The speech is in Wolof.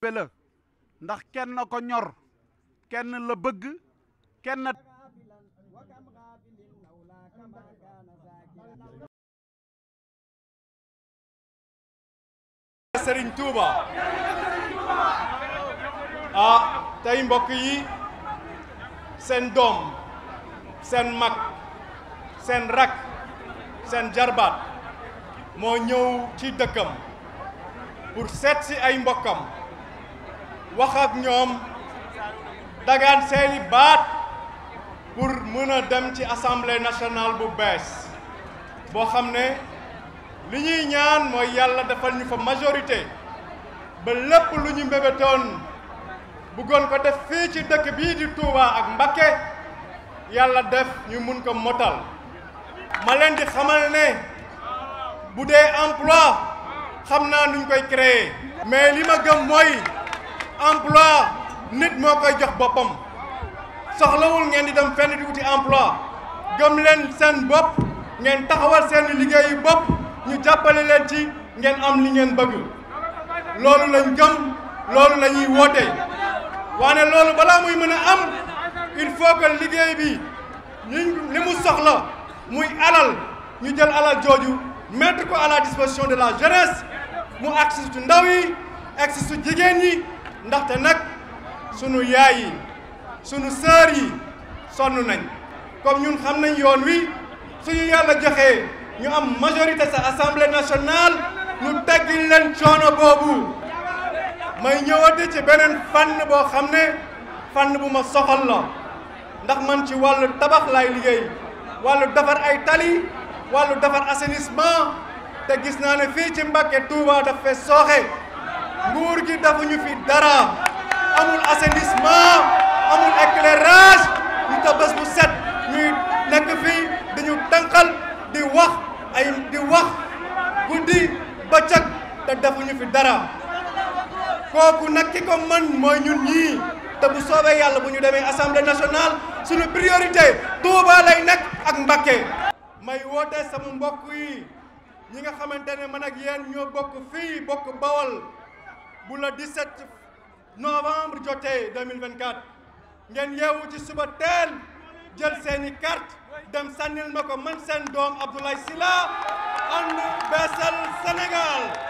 be la ndax kenn ko ñor kenn la bëgg kenn Sëriñ Tuuba ah tey mbokk yi seen doom seen mag seen rak seen jarbaat moo ñëw ci dëkkam pour seet si ay mbokkam wax ak ñoom dagaan seeni baat pour mën a dem ci assemblée nationale bu bees boo xam ne li ñuy ñaan mooy yàlla defal ñu fa majorité ba lépp lu ñu mbébétoon bëggoon ko def fii ci dëkk bii di Touba ak Mbacké yàlla def ñu mun ko motal ma leen di xamal ne bu dee emploi xam naa nuñ koy créer mais li ma gëm mooy emploi nit moo koy jox boppam soxlawul ngeen di dem fenn di wuti emploi gëm leen seen bopp ngeen taxawal seen liggéeyu bopp ñu jàppale leen ci ngeen am li ngeen bëgg loolu lañ gëm loolu la ñuy woote waane loolu balaa muy mën a am il faut que liggéey bi ñu li mu soxla muy alal ñu jël alal jooju mettre ko à disposition de la jeunesse mu agsi su ndaw yi agsi su jigéen ñi ndaxte nag sunu yaay yi sunu sœur yi sonn nañ comme ñun xam nañ yoon wi suñu yàlla joxee ñu am majorité sa assemblée nationale ñu teggil leen coono boobu may ñëwate ci beneen fànn boo xam ne fànn bu ma soxal la ndax man ci wàllu tabax laay liggéey wàllu defar ay tali wàllu defar assainissement te gis naa ne fii ci Mbàkke Touba daf fee sooxe nguur gi defuñu fi dara amul assainissement amul éclairage ñu ta bu set ñuy nekk fii dañu tànqal di wax ay di wax guddi bëccëg te defuñu fi dara kooku nag ki ko mën mooy ñun ñii te bu soobee yàlla bu ñu demee assemblée nationale suñu priorité Touba lay nekk ak Mbacké may woote sama mbokk yi ñi nga xamante ne man ak yéen ñoo bokk fii bokk Bawol bu la 17 novembre jotee 2024 ngeen yeewu ci suba teel jël seeni carte dem sànnil ma ko man seen doom Abdoulaye Sylla ànd beesal Sénégal